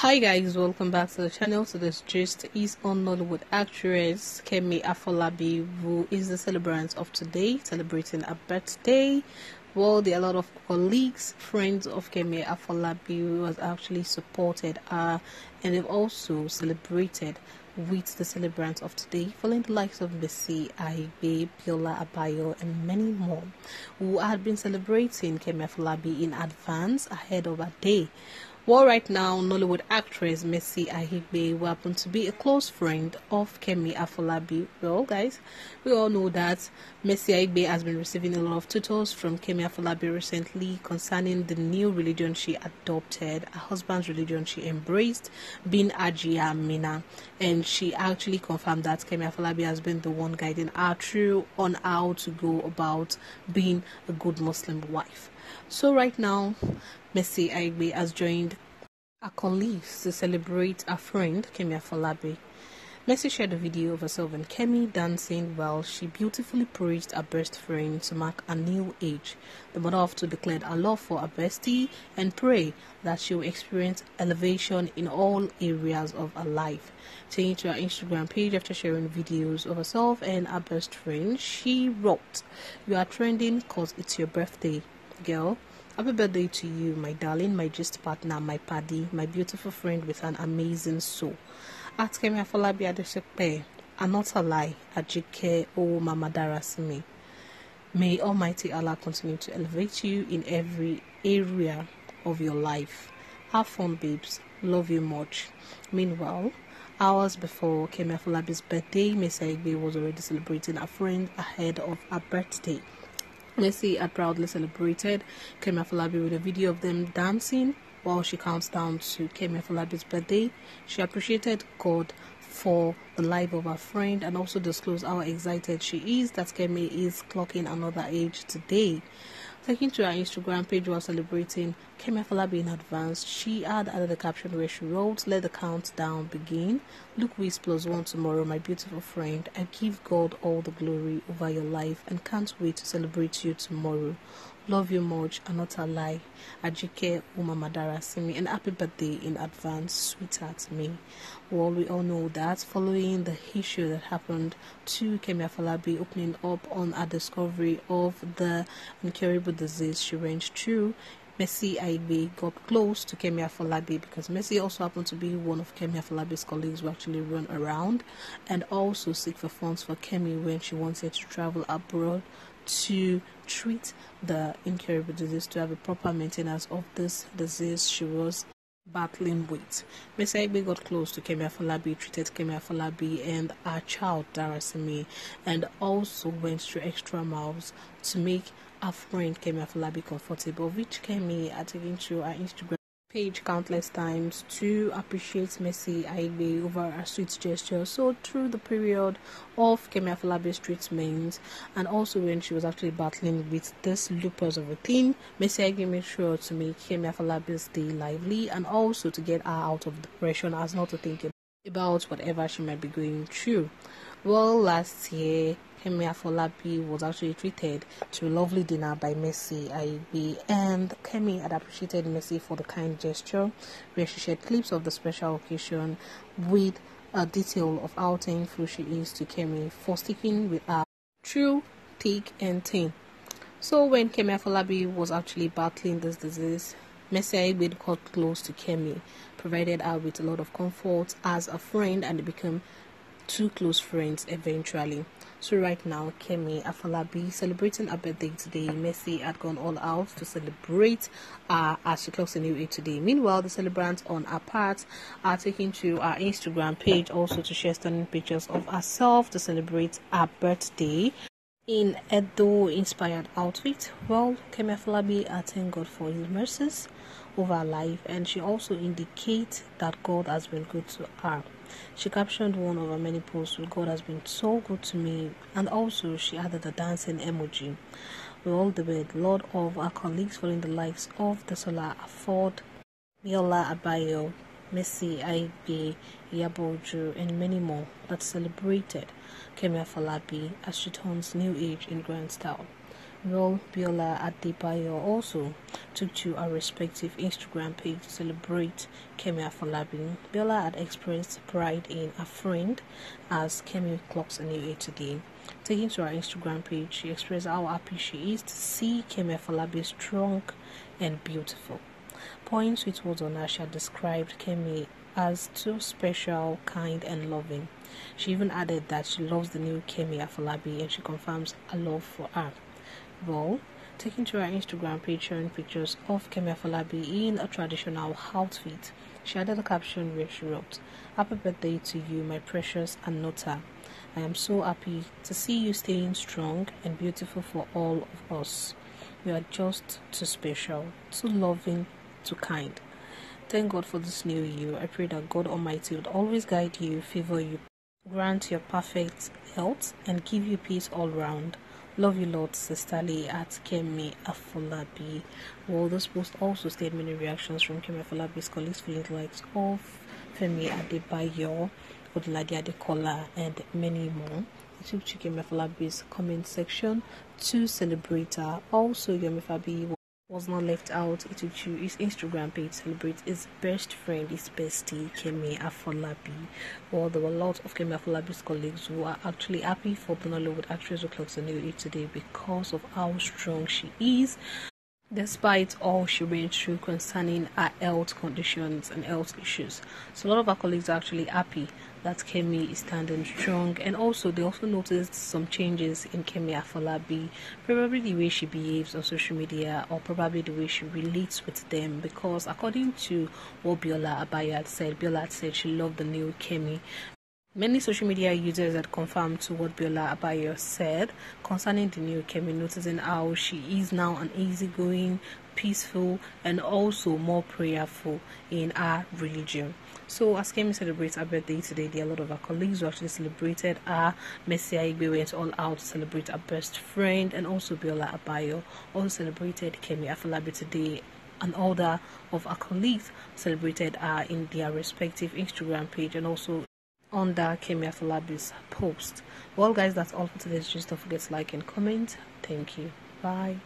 Hi guys, welcome back to the channel. So this gist is on Nollywood actress Kemi Afolabi, who is the celebrant of today, celebrating a birthday. Well, there are a lot of colleagues, friends of Kemi Afolabi who has actually supported her and they've also celebrated with the celebrant of today, following the likes of Bessie, Aibe, Biola Abayo, and many more, who had been celebrating Kemi Afolabi in advance ahead of her day. Well, right now, Nollywood actress Messi Ahigbe, who happen to be a close friend of Kemi Afolabi. Well, guys, we all know that Messi Ahigbe has been receiving a lot of tutors from Kemi Afolabi recently concerning the new religion she adopted, her husband's religion she embraced, being Ajia Mina. And she actually confirmed that Kemi Afolabi has been the one guiding her through on how to go about being a good Muslim wife. So, right now, Messi Aigbe has joined her colleagues to celebrate a friend Kemi Afolabi. Messi shared a video of herself and Kemi dancing while she beautifully praised her best friend to mark a new age. The mother of two declared her love for her bestie and pray that she will experience elevation in all areas of her life. Taking to her Instagram page after sharing videos of herself and her best friend, she wrote, You are trending because it's your birthday, girl. Happy birthday to you, my darling, my just partner, my paddy, my beautiful friend with an amazing soul. At Kemi Afolabi Adesepe, I'm not a lie, Ajike O Mama Darasimi. May Almighty Allah continue to elevate you in every area of your life. Have fun, babes. Love you much. Meanwhile, hours before Kemi Afolabi's birthday, Miss Igbe was already celebrating a friend ahead of her birthday. Nessie had proudly celebrated Kemi Afolabi with a video of them dancing while she counts down to Kemi Afolabi's birthday. She appreciated God for the life of her friend and also disclosed how excited she is that Kemi is clocking another age today. Taking to her Instagram page while celebrating Kemefala being advanced, she had added the caption where she wrote, Let the countdown begin. Look who is plus one tomorrow, my beautiful friend. I give God all the glory over your life and can't wait to celebrate you tomorrow. Love you much, and not a lie. Ajike Umamadara Simi, and happy birthday in advance, sweetheart me. Well, we all know that following the issue that happened to Kemia Afalabi opening up on a discovery of the incurable disease she ranged through, Messi Aigbe got close to Kemia Falabi because Messi also happened to be one of Kemia Falabi's colleagues who actually run around and also seek for funds for Kemi when she wanted to travel abroad to treat the incurable disease to have a proper maintenance of this disease she was battling with. Miss Egbe got close to Kemia Falabi, treated Kemia Falabi and our child Darasimi, and also went through extra miles to make our friend Kemia Falabi comfortable, which Kemi, I taking into our Instagram page countless times to appreciate Messi Aigbe over a sweet gesture. So through the period of Kemi treatments, treatment and also when she was actually battling with this lupus of a thing, Messi Aigbe made sure to make Kemi day lively and also to get her out of depression as not to think about whatever she might be going through. Well, last year, Kemi Folabi was actually treated to a lovely dinner by Messi IB, and Kemi had appreciated Messi for the kind gesture, where she shared clips of the special occasion with a detail of how thankful she is to Kemi for sticking with her through thick and thin. So when Kemi Folabi was actually battling this disease, Messi Aigbe got close to Kemi, provided her with a lot of comfort as a friend, and became two close friends eventually. So right now, Kemi Afalabi celebrating her birthday today. Messi had gone all out to celebrate uh, as she clocks a new age today. Meanwhile, the celebrants on her part are taking to her Instagram page also to share stunning pictures of herself to celebrate her birthday in Edo inspired outfit. Well, Kemi Afalabi, I uh, thank God for His mercies over her life, and she also indicates that God has been good to her. She captioned one of her many posts with God has been so good to me, and also she added a dancing emoji. We all debate, Lord of our colleagues following the likes of the Solar Ford, Miola Abayo, Messi Aigbe, Yaboju, and many more that celebrated Kemia Falabi as she turns new age in grand style. Noel Biola Adebayo also took to her respective Instagram page to celebrate Kemi Afolabi. Biola had expressed pride in a friend as Kemi clocks a new age today. Taking to her Instagram page, she expressed how happy she is to see Kemi Afolabi strong and beautiful. Pouring sweet words on her, she had described Kemi as too special, kind, and loving. She even added that she loves the new Kemi Afolabi and she confirms her love for her ball taken to her Instagram page showing pictures of Kemi Falabi in a traditional outfit. She added a caption where she wrote, Happy birthday to you, my precious Anota. I am so happy to see you staying strong and beautiful for all of us. You are just too special, too loving, too kind. Thank God for this new year. I pray that God Almighty would always guide you, favor you, grant your perfect health, and give you peace all round. Love you lot, sisterly at Kemi Afolabi. Well, this post also stayed many reactions from Kemi Afolabi's colleagues feeling like of Femi Adebayo, Odiladi Adekola, and many more. I took to Kemi Afolabi's comment section to celebrate her. Also, Yemi Fabi was not left out, his Instagram page celebrates his best friend, his bestie, Kemi Afolabi. Well, there were a lot of Kemi Afolabi's colleagues who are actually happy for the Nollywood actress who clocks new age today because of how strong she is despite all she went through concerning her health conditions and health issues. So a lot of our colleagues are actually happy that Kemi is standing strong and also they also noticed some changes in Kemi Afolabi, probably the way she behaves on social media or probably the way she relates with them because according to what Biola Abaya said, Biola said she loved the new Kemi Many social media users had confirmed to what Biola Abayo said concerning the new Kemi, noticing how she is now an easygoing, peaceful, and also more prayerful in her religion. So, as Kemi celebrates her birthday today, there are a lot of her colleagues who actually celebrated her. Messi Aigbe went all out to celebrate her best friend, and also Biola Abayo also celebrated Kemi Afalabi today and all of our colleagues celebrated her in their respective Instagram page and also under Kemi Afolabi's post. Well, guys, that's all for today's Just Don't forget to like and comment. Thank you. Bye.